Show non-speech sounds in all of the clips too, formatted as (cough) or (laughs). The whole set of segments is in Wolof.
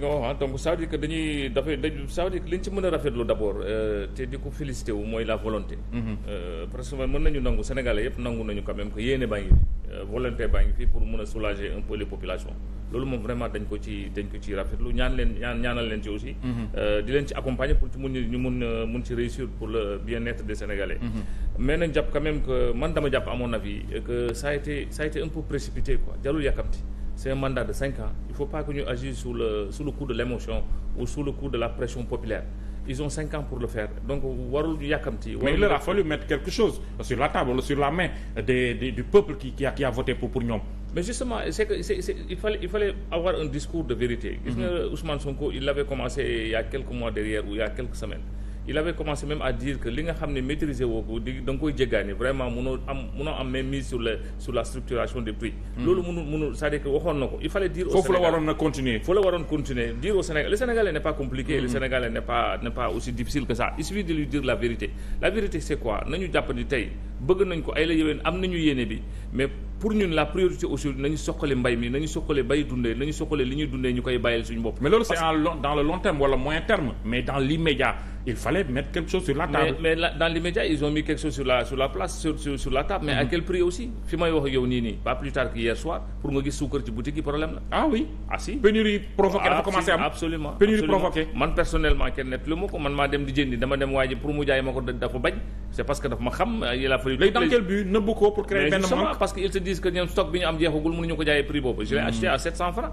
nga wax ah donc ça veut dire que dañuy dafay dañu ça veut dire li ñu ci mën a rafetlu d' abord euh, te di ko félicité wu mooy la volonté. Mm-hmm. Euh, parce que mën nañu nangu Sénégalais yëpp nangu nañu quand même que yéene baa ngi fi euh, volonté baa ngi fi pour mën a soulager un peu les populations loolu moom vraiment dañ ko ci dañ ko ci rafetlu ñaan leen ñaan ñaanal leen ci aussi. Mm-hmm. di leen ci accompagner pour ci mun ñu mun mun ci réussir pour le bien-être des Sénégalais. Mm-hmm. mais nañ jàpp quand même que man dama jàpp à mon avis que ça a été ça a été un peu précipité c'est un mandat de cinq ans il faut pas que ñu agir sous le sous le coup de l'émotion ou sous le coup de la pression populaire ils ont cinq ans pour le faire donc warul yàkkamti. mais il a fallu mettre quelque chose sur la table sur la main des, du peuple qui a, voté pour pour mais justement c'est que il fallait avoir un discours de vérité. gis nga mhm. Ousmane Sonko il l'avait commencé il y a quelques mois derrière ou y a quelques semaines. il avait commencé même à dire que li nga xam ne maîtriser woo ko di da koy jéggaani vraiment munoo am munoo am même mise sur la sur la structuration des prix. Hmm. loolu munul munul c'est-à-dire que waxoon na ko il fallait la waroon na continuer foofu la waroon continuer dire au Sénégal le Sénégalais n'est pas compliqué. le hmm. Sénégalais n'est pas n'est pas aussi difficile que ça il suffit de lui dire la vérité. la vérité c'est quoi nañu jàpp ni tey. bëgg nañ ko ay la yoween am nañu yéene bi mais pour ñun la priorité aujourd'hui nañu soxale mbay mi nañu soxale bay dundee nañu soxale li ñuy dundee ñu koy bàyyil suñu bopp. mais loolu c'est en long dans le long terme wala moyen terme. mais dans l'immédiat il fallait mettre quelque chose sur la table. mais la, dans l'immédiat ils ont mis quelque chose sur la place sur la table. mais mm quel prix aussi fi may wax yow nii nii pas plus tard que hier soir pour nga gis suukar prix léegi dans quel but nëbb ko pour créer benn manque parce que ils se disent que ñoom stock bi ñu am jeexagul mënuñu ko jaayee prix boobu je l'ai hmm. acheté à 700 francs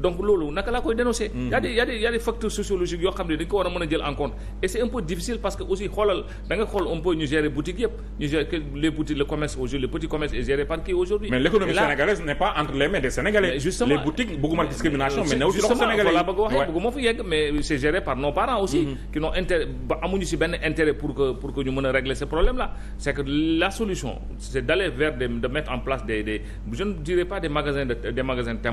donc loolu naka laa koy dénoncer. Mm-hmm. y a des y a des y yoo xam ne dañ ko war a mën a jël en compte et c'est un peu difficile parce que aussi xoolal da xool un peu ñu boutique yëpp ñu gérer le commerce aujourd'hui le petit commerce est géré par qui aujourd'hui mais l'économie sénégalaise n'est pas entre les mains des Sénégalais. justement les boutiques bëgguma discrimination mais néew ci Sénégalais voilà bëgg waxee bëgguma fu yegg mm-hmm. pour que pour que ñu mën a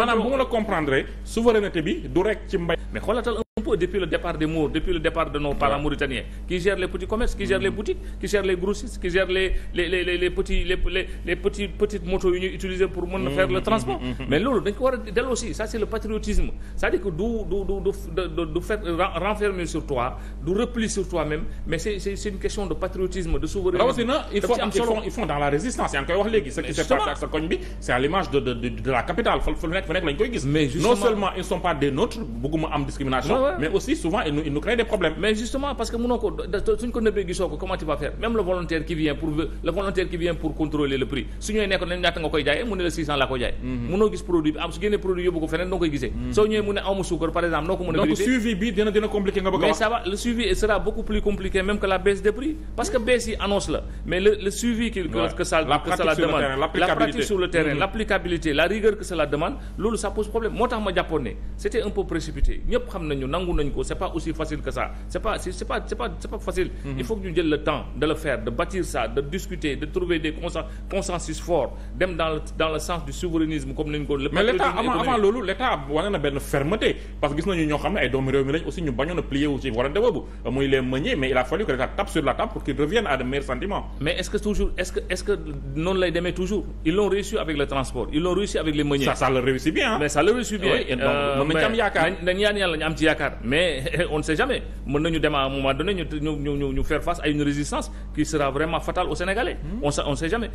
maanaam bu ma la comprendre souveraineté bi du rek ci mbay mais xoolatal un depuis le départ des Maures depuis le départ de nos parents mauritaniens qui gèrent les petits commerces qui gèrent mm. les boutiques qui gèrent les grossistes qui gèrent les petits les les les pour mën mm, faire mm, le transport mais loolu dañ ko ça c'est le patriotisme c'est-à-dire que du du du renfermer sur toi du repli sur toi-même mais c'est une question de patriotisme de souveraineté rawatina ils dans la résistance yaa ngi koy wax léegi ce c'est à mais aussi souvent il nous il des problèmes. mais justement parce que mënoo ko suñ ko nëbbee gisoo ko comment tu vas faire même le volontaire qui vient pour le volontaire qui vient pour contrôler le prix su ñëwee nekkoon nañ ñaata nga koy jaayee mu ne la 600 laa koy jaay. Mhm. mënoo gis produit bi am su génnee produit yóbbu ko feneen noo koy gisee. Mhm. soo ñëwee mu ne amu suukar par exemple noo ko mën a. donc suivi prix parce que baisse yi annonce la ma nangu ko c'est pas aussi facile que ça c'est pas c'est pas facile mm-hmm. il faut que jël le temps de le faire de bâtir ça de discuter de trouver des consen forts dem dans le sens du souverainisme comme nañ ko le mais avant avant loolu l'état wane na benn fermeté parce que gis nañu ñoo xam ne ay doomu réew mi lañ aussi ñu bañoon a plier wu ci warante boobu muy les meuniers mais il a fallu que l'état tape sur la table pour qu'ils reviennent à de meilleurs sentiments mais (laughs) on ne sait jamais mën nañu dem à un moment donné ñu ñu ñu faire face à une résistance qui sera vraiment fatale aux Sénégalais. on sait on sait jamais.